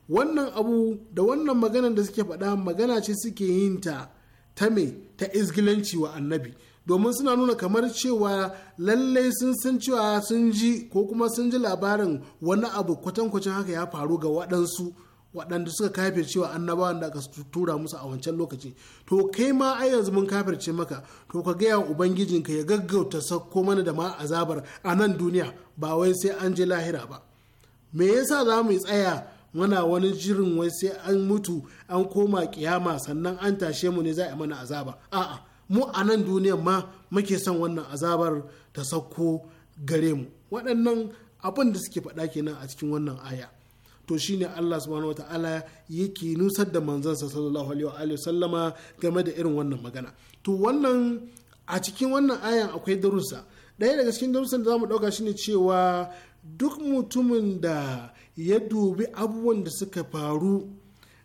[SPEAKER 10] wannan abu da wannan maganar da suke faɗa magana ce suke yin ta ta me ta izgilanci wa annabi domin suna nuna kamar cewa lallai sun san cewa sun ji ko kuma sun ji labarin wani abu kwatankwacin haka ya faru ga waɗansu waɗanda suka kafirce wa annabawan da aka tura musu a wancan lokaci to kai ma ai yanzu mun kafirce maka to ka gaya ubangijinka ya gaggauta sakko mana da ma azabar a nan duniya ba wai sai an je lahira ba me yasa za mu tsaya muna wani jirin wai sai an mutu an koma kiyama sannan an tashe mu ne za a mana azaba a'a mu a nan duniyan ma muke son wannan azabar ta sauko gare mu waɗannan abin da suke faɗa kenan a cikin wannan aya to shine Allah subhanahu wataala yake nusar da manzansa sallallahu alaihi wa sallama game da irin wannan magana to wannan a cikin wannan ayan akwai darussa ɗaya daga cikin darussan da zamu ɗauka shine cewa duk mutumin da ya dubi abubuwan da suka faru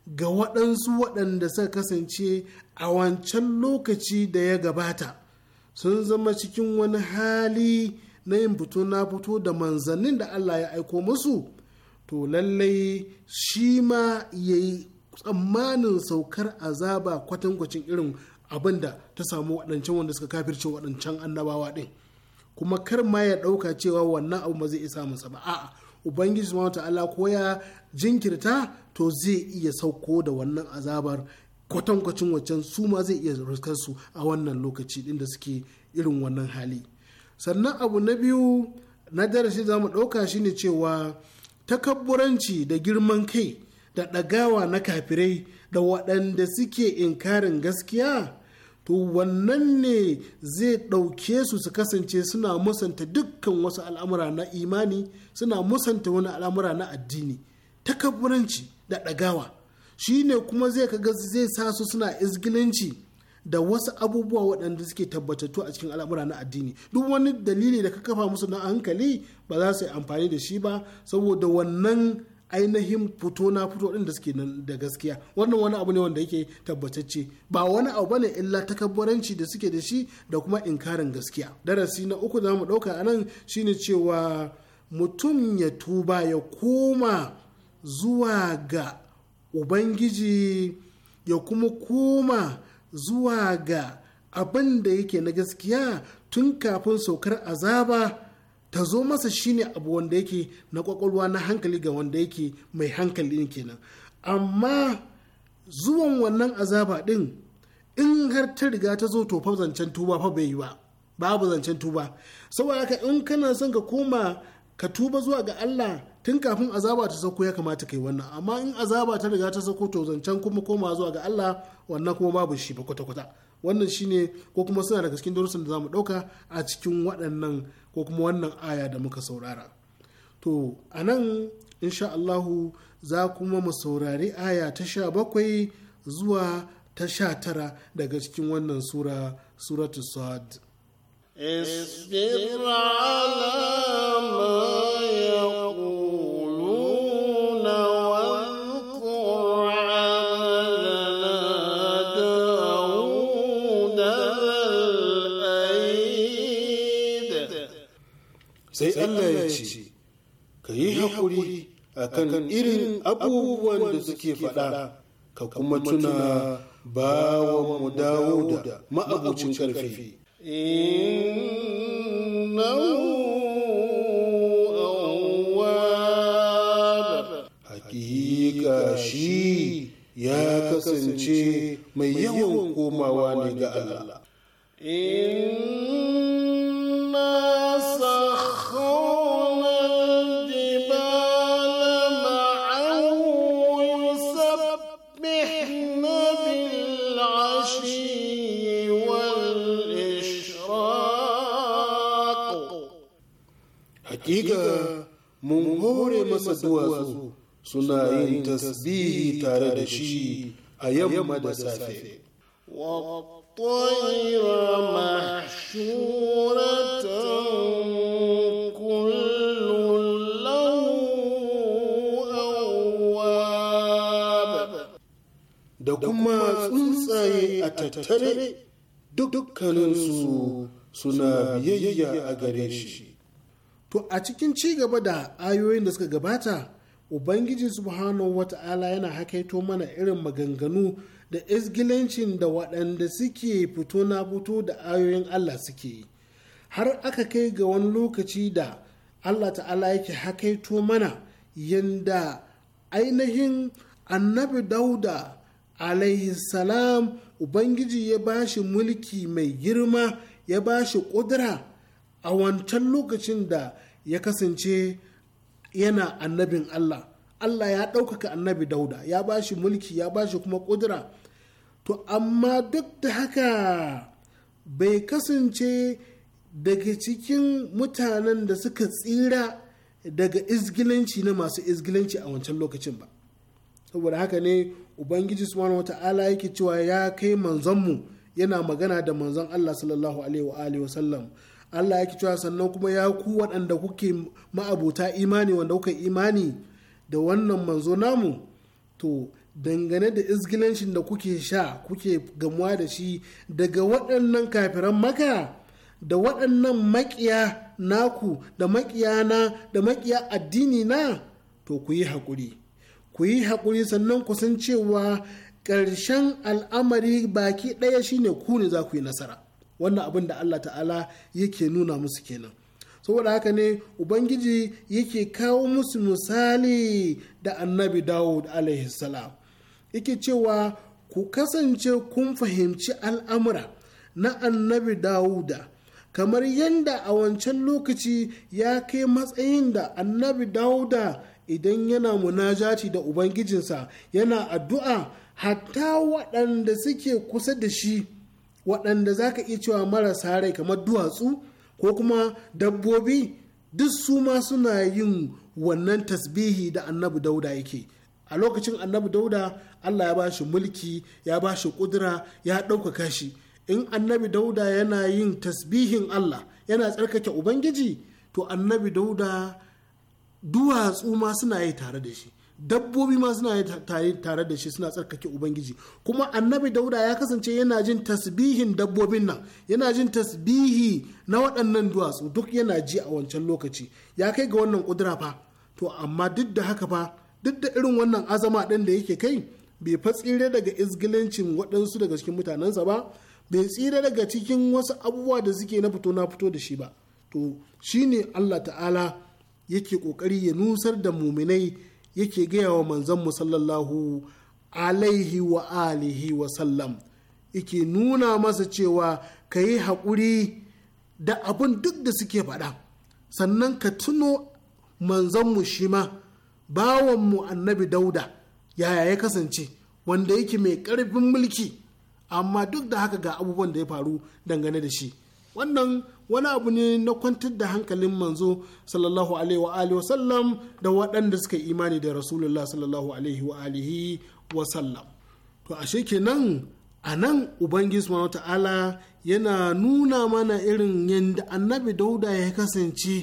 [SPEAKER 10] ga waɗansu waɗanda suka kasance a wancan lokaci da ya gabata sun zama cikin wani hali na yin fito na fito da manzannin da Allah ya aiko musu to lallai shi ma ya yi tsammanin saukar azaba kwatankwacin irin abin da ta samu waɗancan wanda suka kafirce waɗancan annabawa ɗin kuma kar ma ya ɗauka cewa wannan abu ma zai isa masa ba a'a ubangiji subhanahu Allah ko ya jinkirta to zai iya sauko da wannan azabar kwatankwacin waccan su ma zai iya ruskar su a wannan lokaci din da suke irin wannan hali sannan abu na biyu na darasi za mu ɗauka shine cewa takabburanci da girman kai da ɗagawa na kafirai da waɗanda suke inkarin gaskiya to wannan ne zai ɗauke su su kasance suna musanta dukkan wasu al'amura na imani suna musanta wani al'amura na addini takabburanci da ɗagawa shi ne kuma zai kaga zai sa su suna izgilanci da wasu abubuwa waɗanda suke tabbatattu a cikin al'amura na addini duk wani dalili da ka kafa musu na hankali ba za su yi amfani da shi ba saboda wannan ainihin fito na fito din da suke nan da gaskiya wannan wani abu ne wanda yake tabbatacce ba wani abu bane illa takabbaranci da suke da shi da kuma inkarin gaskiya darasi na uku da mu dauka anan shine cewa mutum ya tuba ya koma zuwa ga ubangiji ya kuma koma zuwa ga abin da yake na gaskiya tun kafin saukar azaba ta zo masa shine abu wanda yake na kwakwalwa na hankali ga wanda yake mai hankali kenan amma zuwan wannan azaba din in har ta riga ta zo to zancen tuba fa bai yi ba babu zancen tuba saboda haka in kana son ka koma ka tuba zuwa ga Allah tun kafin azaba ta sauko ya kamata kai wannan amma in azaba ta riga ta sauko to zancen kuma koma zuwa ga Allah wannan kuma babu shi ba kwata kwata wannan shine ko kuma suna daga cikin darussan da za mu ɗauka a cikin waɗannan ko kuma wannan aya da muka saurara to a nan insha Allahu za kuma mu saurari aya ta sha bakwai zuwa ta sha tara daga cikin wannan sura suratu sad
[SPEAKER 9] اصبر على ما يقول
[SPEAKER 10] Allah ya ce, Ka yi haƙuri a kan irin abubuwan da suke faɗa, ka kuma tuna bawa mu dawo da ma'abucin ƙarfi. Hakika shi ya kasance mai yawan komawa ne ga Allah. suna yin tasbihi tare da shi a yamma da safe
[SPEAKER 9] والطير محشورة كل
[SPEAKER 10] da kuma tsuntsaye a tattare dukkaninsu suna biyayya a gare shi To a cikin ci gaba da ayoyin da suka gabata, Ubangiji Subhanahu wata'ala yana hakaito mana irin maganganu da izgilancin da waɗanda suke fito na fito da ayoyin Allah suke Har aka kai ga wani lokaci da Allah ta'ala yake hakaito mana yadda ainihin annabi dauda alaihi salam Ubangiji ya bashi mulki mai girma ya bashi ƙudura. a wancan lokacin da ya kasance yana annabin Allah Allah ya ɗaukaka annabi dauda ya ba shi mulki ya ba shi kuma ƙudura to amma duk da haka bai kasance daga cikin mutanen da suka tsira daga izgilanci na masu izgilanci a wancan lokacin ba saboda haka ne ubangiji subhanahu wata'ala yake cewa ya kai mu yana magana da manzon Allah sallallahu alaihi wa alihi Allah ya ki cewa sannan kuma ya ku waɗanda kuke ma'abuta imani wanda kuka imani da wannan manzo namu to dangane da izgilancin da kuke sha kuke gamuwa da shi daga waɗannan kafiran maka da waɗannan makiya naku da maƙiya na da maƙiya addini na to ku yi haƙuri ku yi haƙuri sannan ku san cewa ƙarshen al'amari baki ɗaya shine ku ne za ku yi nasara wannan abin da Allah ta'ala yake nuna musu kenan saboda haka ne ubangiji yake kawo musu misali da annabi dawud salam yake cewa ku kasance kun fahimci al'amura na annabi dawuda kamar yadda a wancan lokaci ya kai matsayin da annabi dawuda idan yana munajati da ubangijinsa yana addu'a hatta waɗanda suke kusa da shi waɗanda za ka iya cewa marasa rai kamar duwatsu ko kuma dabbobi duk su ma suna yin wannan tasbihi da annabi dauda yake a lokacin annabi dauda allah ya ba shi mulki ya ba shi kudura ya ɗaukaka shi in annabi dauda yana yin tasbihin allah yana tsarkake ubangiji to annabi dauda duwatsu ma suna yi tare da shi dabbobi ma suna tare da shi suna tsarkake ubangiji kuma annabi dauda ya kasance yana jin tasbihin dabbobin nan yana jin tasbihi na waɗannan duwatsu duk yana ji a wancan lokaci ya kai ga wannan kudura fa to amma duk da haka fa duk da irin wannan azama ɗin da yake kai bai fatsire daga izgilancin waɗansu daga cikin mutanensa ba bai tsire daga cikin wasu abubuwa da suke na fito na fito da shi ba to shine Allah ta'ala yake kokari ya nusar da muminai yake gaya wa manzon sallallahu alaihi wa alihi wa sallam yake nuna masa cewa ka yi haƙuri da abin duk da suke faɗa sannan ka tuno manzonmu shi ma bawanmu annabi dauda yaya ya kasance wanda yake mai ƙarfin mulki amma duk da haka ga abubuwan da ya faru dangane da shi wannan wani abu ne na kwantar da hankalin manzo sallallahu alaihi wa alihi sallam da waɗanda suka yi imani da rasulullah sallallahu alaihi wa alihi sallam to ashe kenan a nan ubangiji subhanahu ta'ala yana nuna mana irin yadda annabi dauda ya kasance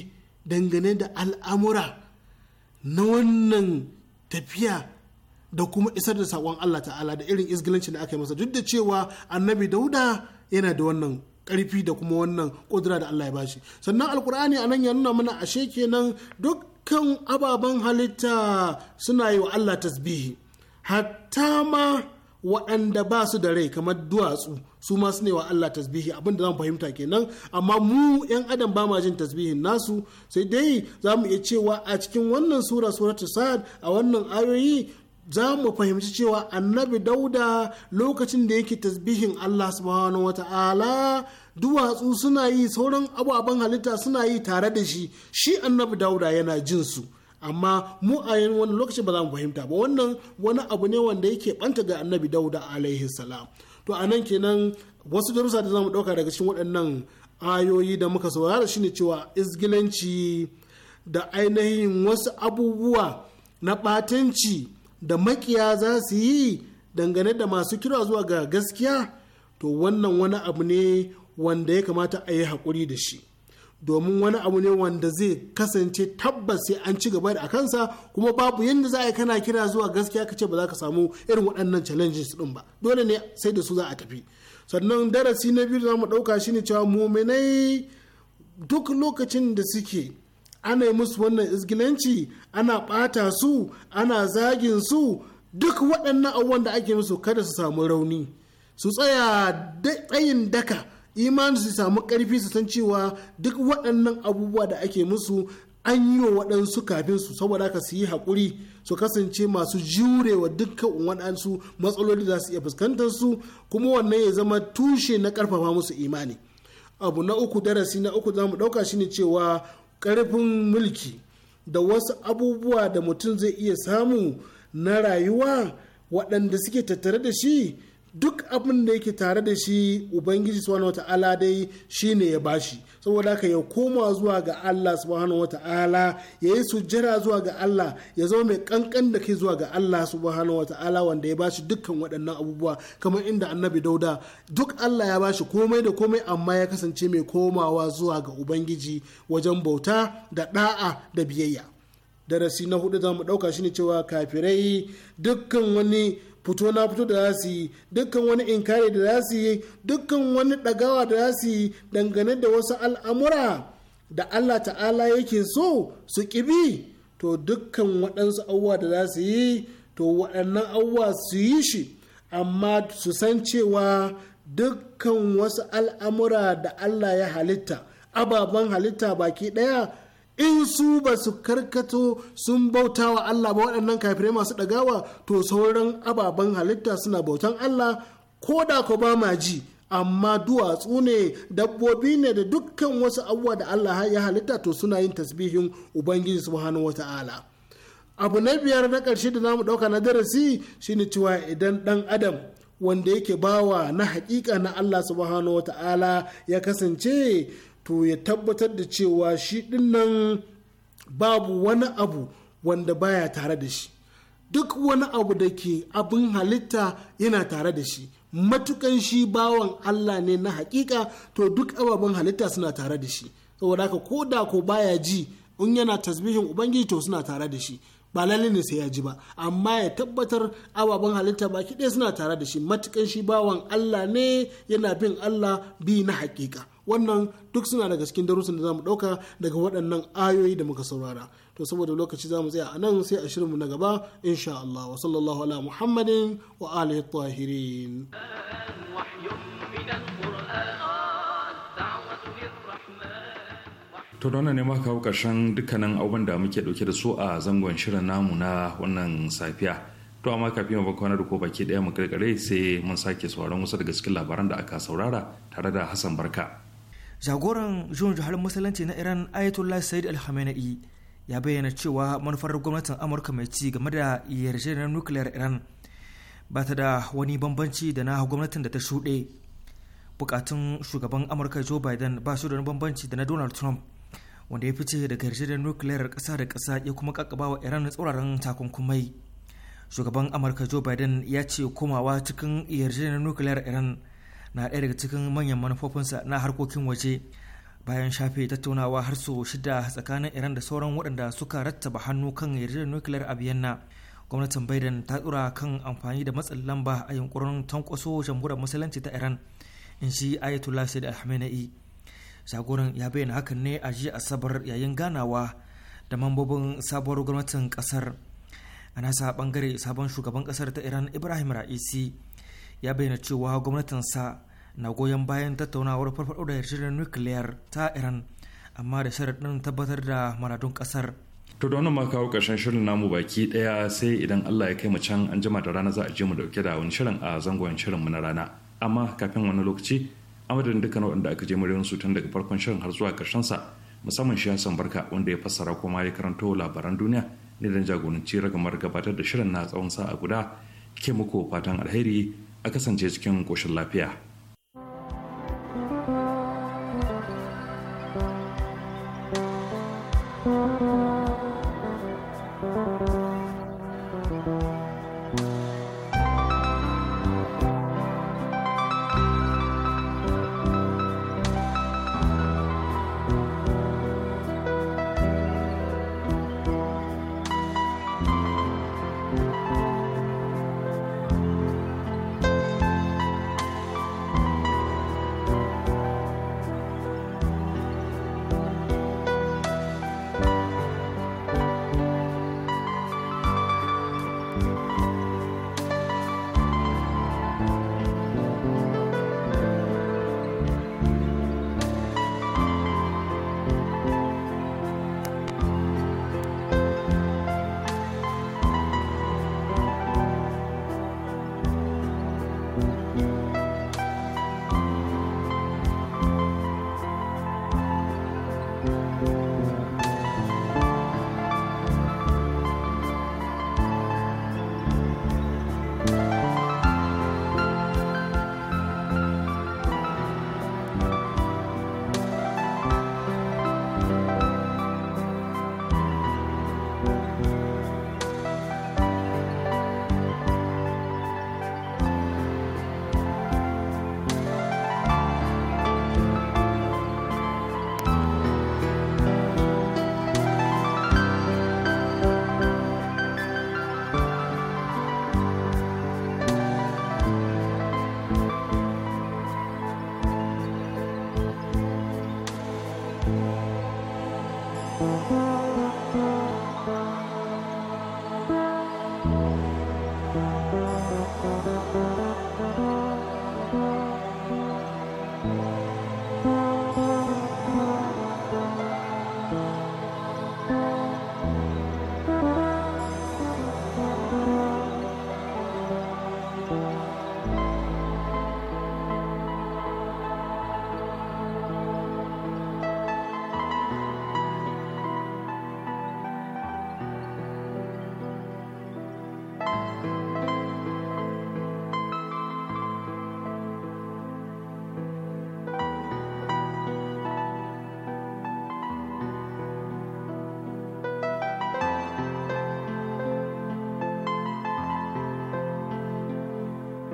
[SPEAKER 10] dangane da al'amura na wannan tafiya da kuma isar da saƙon Allah ta'ala da irin izgilancin da aka yi masa duk da cewa annabi dauda yana da wannan karfi da kuma wannan kudura da Allah ya bashi sannan alkur'ani a nan ya nuna mana ashe kenan dukkan ababen halitta suna yi wa Allah tasbihi hatta ma waɗanda ba su da rai kamar duwatsu su ma su ne wa Allah tasbihi abin da zan fahimta kenan amma mu yan adam ba ma jin tasbihin nasu sai dai za mu iya cewa a cikin wannan sura suratul sa'ad a wannan ayoyi za mu fahimci cewa annabi dauda lokacin da yake tasbihin Allah subhanahu Ta'ala duwatsu suna yi sauran ababen halitta suna yi tare da shi shi annabi dauda yana jin su amma mu a yin wani lokaci ba za mu fahimta ba wannan wani abu ne wanda yake banta ga annabi dauda alaihi salam to a nan kenan wasu darussa da za mu ɗauka daga cikin waɗannan ayoyi da muka saurara ne cewa izgilanci da ainihin wasu abubuwa na ɓatanci da makiya za su yi dangane da masu kira zuwa ga gaskiya to wannan wani abu ne wanda ya kamata a yi haƙuri da shi domin wani abu ne wanda zai kasance tabbas sai an ci gaba da kansa kuma babu yadda za a yi kana kira zuwa gaskiya ka ce ba za ka samu irin waɗannan challenges ɗin ba dole ne sai da su za a tafi sannan darasi na biyu za mu ɗauka shi shine cewa muminai duk lokacin da suke ana yi musu wannan izgilanci ana ɓata su ana zagin su duk waɗannan abubuwan da ake musu kada su samu rauni su tsaya tsayin daka imani su samu ƙarfi su san cewa duk waɗannan abubuwa da ake musu an yi wa waɗansu kafin su saboda ka su yi haƙuri su kasance masu jurewa dukkan waɗansu matsaloli da su iya fuskantar su kuma wannan ya zama tushe na ƙarfafa musu imani abu na uku darasi na uku za mu ɗauka shine cewa karfin mulki da wasu abubuwa da mutum zai iya samu na rayuwa waɗanda suke tattare da shi duk abin da yake tare da shi ubangiji subhanahu wata'ala dai shine ya bashi saboda haka ya koma zuwa ga Allah subhanahu wata'ala ya yi sujjara zuwa ga Allah ya zama mai kankan da kai zuwa ga Allah subhanahu wata'ala wanda ya bashi dukkan waɗannan abubuwa kamar inda annabi dauda duk Allah ya bashi komai da komai amma ya kasance mai komawa zuwa ga ubangiji wajen bauta da da'a da biyayya darasi na hudu za mu ɗauka shine cewa kafirai dukkan wani fito na fito da za su yi dukkan wani inkari da za su yi dukkan wani ɗagawa da za su yi dangane da wasu al'amura da Allah ta'ala yake so su ƙibi to dukkan waɗansu auwa da za su yi to waɗannan auwa su yi shi amma su san cewa dukkan wasu al'amura da Allah ya halitta ababen halitta baki ɗaya in su ba su karkato sun bauta wa Allah ba waɗannan kafirai masu ɗagawa to sauran ababen halitta suna bautan Allah ko da ko ba ma ji amma duwatsu ne dabbobi ne da dukkan wasu abubuwa da Allah ya halitta to suna yin tasbihin Ubangiji subhanahu wata'ala abu na biyar na ƙarshe da namu ɗauka na darasi shine cewa idan ɗan adam wanda yake bawa na haƙiƙa na Allah subhanahu wata'ala ya kasance to ya tabbatar da cewa shi dinnan babu wani abu wanda baya tare da shi duk wani abu da ke abin halitta yana tare da shi matukan shi bawan Allah ne na hakika to duk ababen halitta suna tare da shi saboda haka ko da ko baya ji in yana tasbihin ubangiji to suna tare da shi ba lalle ne sai ya ji ba amma ya tabbatar ababen halitta baki ɗaya suna tare da shi matukan shi bawan Allah ne yana bin Allah bi na hakika wannan duk suna daga cikin darussan da mu dauka daga waɗannan ayoyi da muka saurara to saboda lokaci zamu tsaya a nan sai a shirinmu na gaba insha Allah wa sallallahu ala muhammadin wa alihi tahirin
[SPEAKER 1] To don ne ma kawo ƙarshen dukkanin abubuwan da muke ɗauke da su a zangon shirin namu na wannan safiya. To amma kafin mu kwana da ko baki ɗaya mu kirkire sai mun sake sauraron wasu daga cikin labaran da aka saurara tare da Hassan Barka.
[SPEAKER 2] jagoran jihun jihar musulunci na iran ayatollah said al khamenei ya bayyana cewa manufar gwamnatin amurka mai ci game da yarjejeniyar nukiliyar iran ba ta da wani bambanci da na gwamnatin da ta shuɗe bukatun shugaban amurka joe biden ba su da wani bambanci da na donald trump wanda ya fice daga yarjejeniyar nukiliyar ƙasa da ƙasa ya kuma wa iran tsauraran takunkumai shugaban amurka joe biden ya ce komawa cikin yarjejeniyar nukiliyar iran na ɗaya daga cikin manyan manufofinsa na harkokin waje bayan shafe tattaunawa har su shida tsakanin iran da sauran waɗanda suka rattaba hannu kan yarjejeniyar nukiliyar a vienna gwamnatin biden ta tsura kan amfani da matsin lamba a yunkurin tankwaso jamhuriyar musulunci ta iran in shi ayatollah said alhamenai jagoran ya bayyana hakan ne a jiya asabar yayin ganawa da mambobin sabuwar gwamnatin kasar a nasa bangare sabon shugaban kasar ta iran ibrahim ra'isi ya bayyana cewa gwamnatinsa na goyon bayan tattaunawar farfaɗo da yarjejeniyar nukiliyar ta iran amma da sharaɗin tabbatar da maradun ƙasar
[SPEAKER 1] to da wannan kawo ƙarshen shirin namu baki ɗaya sai idan allah ya kai mu can an jima da rana za a je mu dauke da wani shirin a zangon shirin mu na rana amma kafin wani lokaci amadadin dukkan waɗanda aka je muryoyin su tun daga farkon shirin har zuwa ƙarshen sa musamman shi Hassan Barka wanda ya fassara kuma ya karanto labaran duniya ne dan jagoranci ragamar gabatar da shirin na tsawon sa'a guda ke muku fatan alheri a kasance cikin ƙoshin lafiya.